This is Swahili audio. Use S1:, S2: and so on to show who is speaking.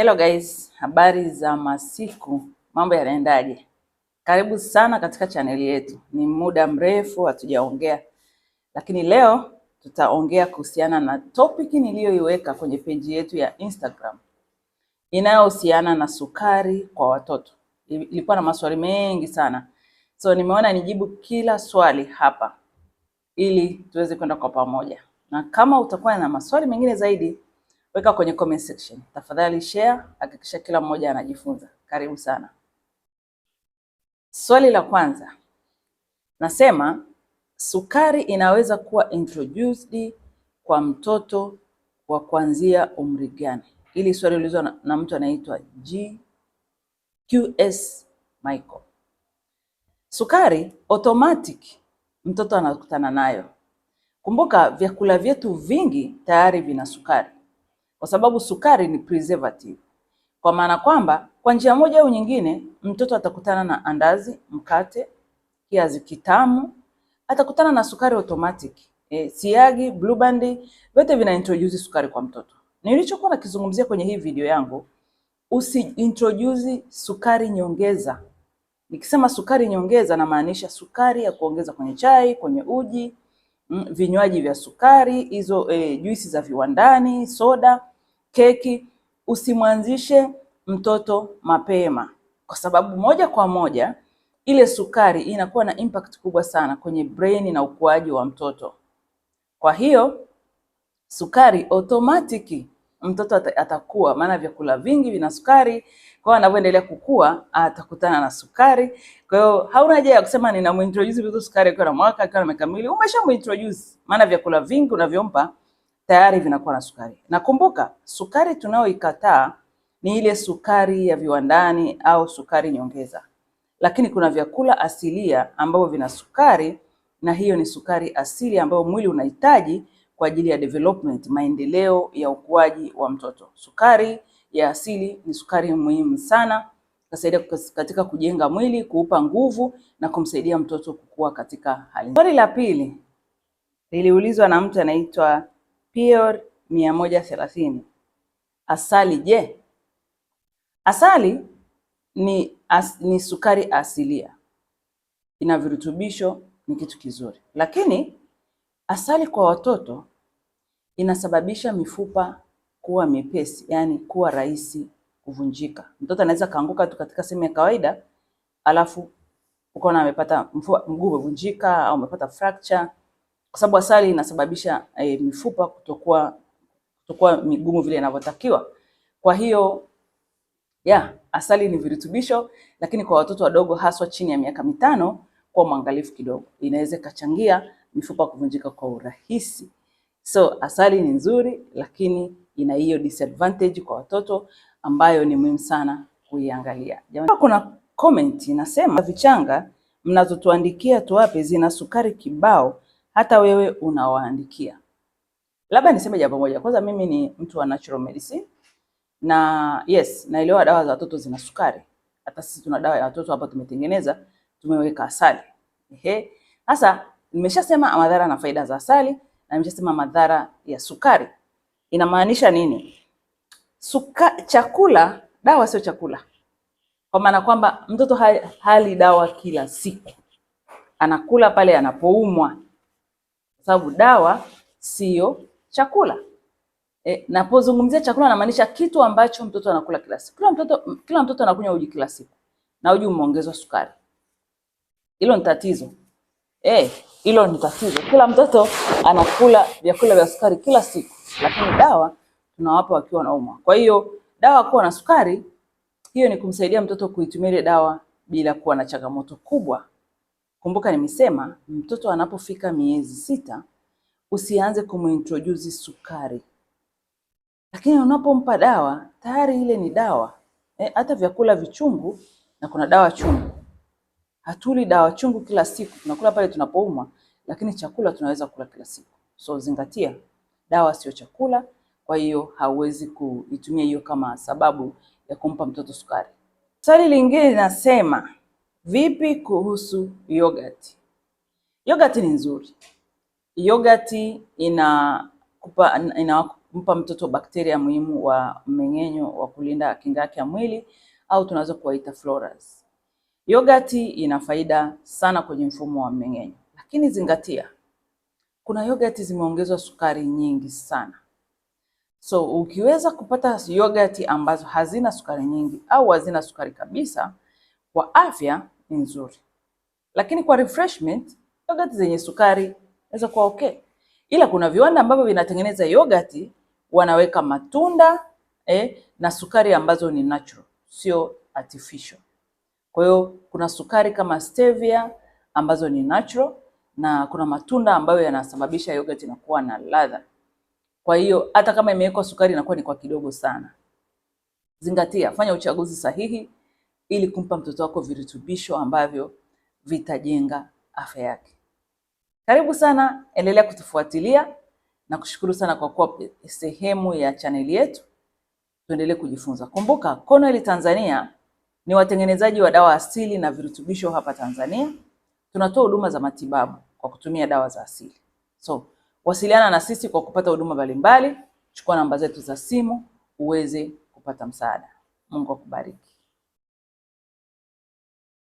S1: Hello guys, habari za masiku, mambo yanaendaje? Karibu sana katika chaneli yetu. Ni muda mrefu hatujaongea, lakini leo tutaongea kuhusiana na topic niliyoiweka kwenye peji yetu ya Instagram inayohusiana na sukari kwa watoto. Ilikuwa na maswali mengi sana, so nimeona nijibu kila swali hapa ili tuweze kwenda kwa pamoja, na kama utakuwa na maswali mengine zaidi weka kwenye comment section. Tafadhali share, hakikisha kila mmoja anajifunza. Karibu sana. Swali la kwanza nasema, sukari inaweza kuwa introduced kwa mtoto wa kuanzia umri gani? Ili swali ulizwa na, na mtu anaitwa GQS Michael. Sukari automatic mtoto anakutana nayo. Kumbuka vyakula vyetu vingi tayari vina sukari kwa sababu sukari ni preservative, kwa maana kwamba kwa njia moja au nyingine mtoto atakutana na andazi, mkate, kiazi kitamu, atakutana na sukari automatic. E, siagi, Blue Band vyote vina introduce sukari kwa mtoto. Nilichokuwa nakizungumzia kwenye hii video yangu, usi introduce sukari nyongeza. Nikisema sukari nyongeza, namaanisha sukari ya kuongeza kwenye chai, kwenye uji, mm, vinywaji vya sukari hizo, e, juisi za viwandani, soda keki, usimwanzishe mtoto mapema, kwa sababu moja kwa moja ile sukari inakuwa na impact kubwa sana kwenye brain na ukuaji wa mtoto. Kwa hiyo sukari automatic mtoto atakuwa, maana vyakula vingi vina sukari, kwa hiyo anavyoendelea kukua atakutana na sukari. Kwa hiyo hauna haja ya kusema ninamuintroduce mtoto sukari akiwa na mwaka, akiwa na miaka miwili, umeshamuintroduce, maana vyakula vingi unavyompa tayari vinakuwa na sukari. Na kumbuka, sukari tunayoikataa ni ile sukari ya viwandani au sukari nyongeza, lakini kuna vyakula asilia ambavyo vina sukari, na hiyo ni sukari asili ambayo mwili unahitaji kwa ajili ya development, maendeleo ya ukuaji wa mtoto. Sukari ya asili ni sukari muhimu sana, kasaidia katika kujenga mwili, kuupa nguvu na kumsaidia mtoto kukua katika hali. Swali la pili liliulizwa na mtu anaitwa Pior mia moja thelathini. Asali je? Asali ni, as, ni sukari asilia, ina virutubisho, ni kitu kizuri, lakini asali kwa watoto inasababisha mifupa kuwa mepesi, yaani kuwa rahisi kuvunjika. Mtoto anaweza kaanguka tu katika sehemu ya kawaida, alafu ukaona amepata mguu umevunjika au amepata fracture kwa sababu asali inasababisha e, mifupa kutokuwa kutokuwa migumu vile inavyotakiwa. Kwa hiyo ya yeah, asali ni virutubisho, lakini kwa watoto wadogo haswa chini ya miaka mitano, kwa mwangalifu kidogo, inaweza ikachangia mifupa kuvunjika kwa urahisi. So asali ni nzuri, lakini ina hiyo disadvantage kwa watoto ambayo ni muhimu sana kuiangalia. Jamani, kuna comment inasema vichanga mnazotuandikia tuwape zina sukari kibao hata wewe unawaandikia. Labda niseme jambo moja kwanza, mimi ni mtu wa natural medicine na yes, naelewa dawa za watoto zina sukari. Hata sisi tuna dawa ya watoto hapa, tumetengeneza tumeweka asali. Ehe, sasa nimeshasema madhara na faida za asali na nimeshasema madhara ya sukari. Inamaanisha nini? Suka, chakula dawa sio chakula, kwa maana kwamba mtoto hali dawa kila siku, anakula pale anapoumwa sababu dawa siyo chakula. E, napozungumzia chakula namaanisha kitu ambacho mtoto anakula kila siku. Kila mtoto, kila mtoto anakunywa uji kila siku na uji umeongezwa sukari. Hilo ni tatizo. Eh, hilo ni tatizo. Kila mtoto anakula vyakula vya sukari kila siku, lakini dawa tunawapa wakiwa wanaumwa. Kwa hiyo dawa kuwa na sukari hiyo ni kumsaidia mtoto kuitumia ile dawa bila kuwa na changamoto kubwa Kumbuka nimesema mtoto anapofika miezi sita usianze kumintroduce sukari, lakini unapompa dawa tayari ile ni dawa eh. Hata vyakula vichungu na kuna dawa chungu. Hatuli dawa chungu kila siku, tunakula pale tunapoumwa, lakini chakula tunaweza kula kila siku. So zingatia, dawa sio chakula. Kwa hiyo hauwezi kuitumia hiyo kama sababu ya kumpa mtoto sukari. Swali lingine linasema Vipi kuhusu yogati? Yogati ni nzuri. Yogati inakupa inampa mtoto bakteria muhimu wa mmeng'enyo wa kulinda kinga yake ya mwili au tunaweza kuwaita floras. Yogati ina faida sana kwenye mfumo wa mmeng'enyo, lakini zingatia, kuna yogati zimeongezwa sukari nyingi sana. So ukiweza kupata yogati ambazo hazina sukari nyingi au hazina sukari kabisa, kwa afya ni nzuri, lakini kwa refreshment yogati zenye sukari inaweza kuwa okay, ila kuna viwanda ambavyo vinatengeneza yogati wanaweka matunda eh, na sukari ambazo ni natural, sio artificial. Kwa hiyo kuna sukari kama stevia ambazo ni natural na kuna matunda ambayo yanasababisha yogurt inakuwa na ladha. Kwa hiyo hata kama imewekwa sukari inakuwa ni kwa kidogo sana. Zingatia, fanya uchaguzi sahihi ili kumpa mtoto wako virutubisho ambavyo vitajenga afya yake. Karibu sana, endelea kutufuatilia na kushukuru sana kwa kuwa sehemu ya chaneli yetu. Tuendelee kujifunza. Kumbuka, Cornwell Tanzania ni watengenezaji wa dawa asili na virutubisho hapa Tanzania. Tunatoa huduma za matibabu kwa kutumia dawa za asili. So, wasiliana na sisi kwa kupata huduma mbalimbali. Chukua namba zetu za simu uweze kupata msaada. Mungu akubariki.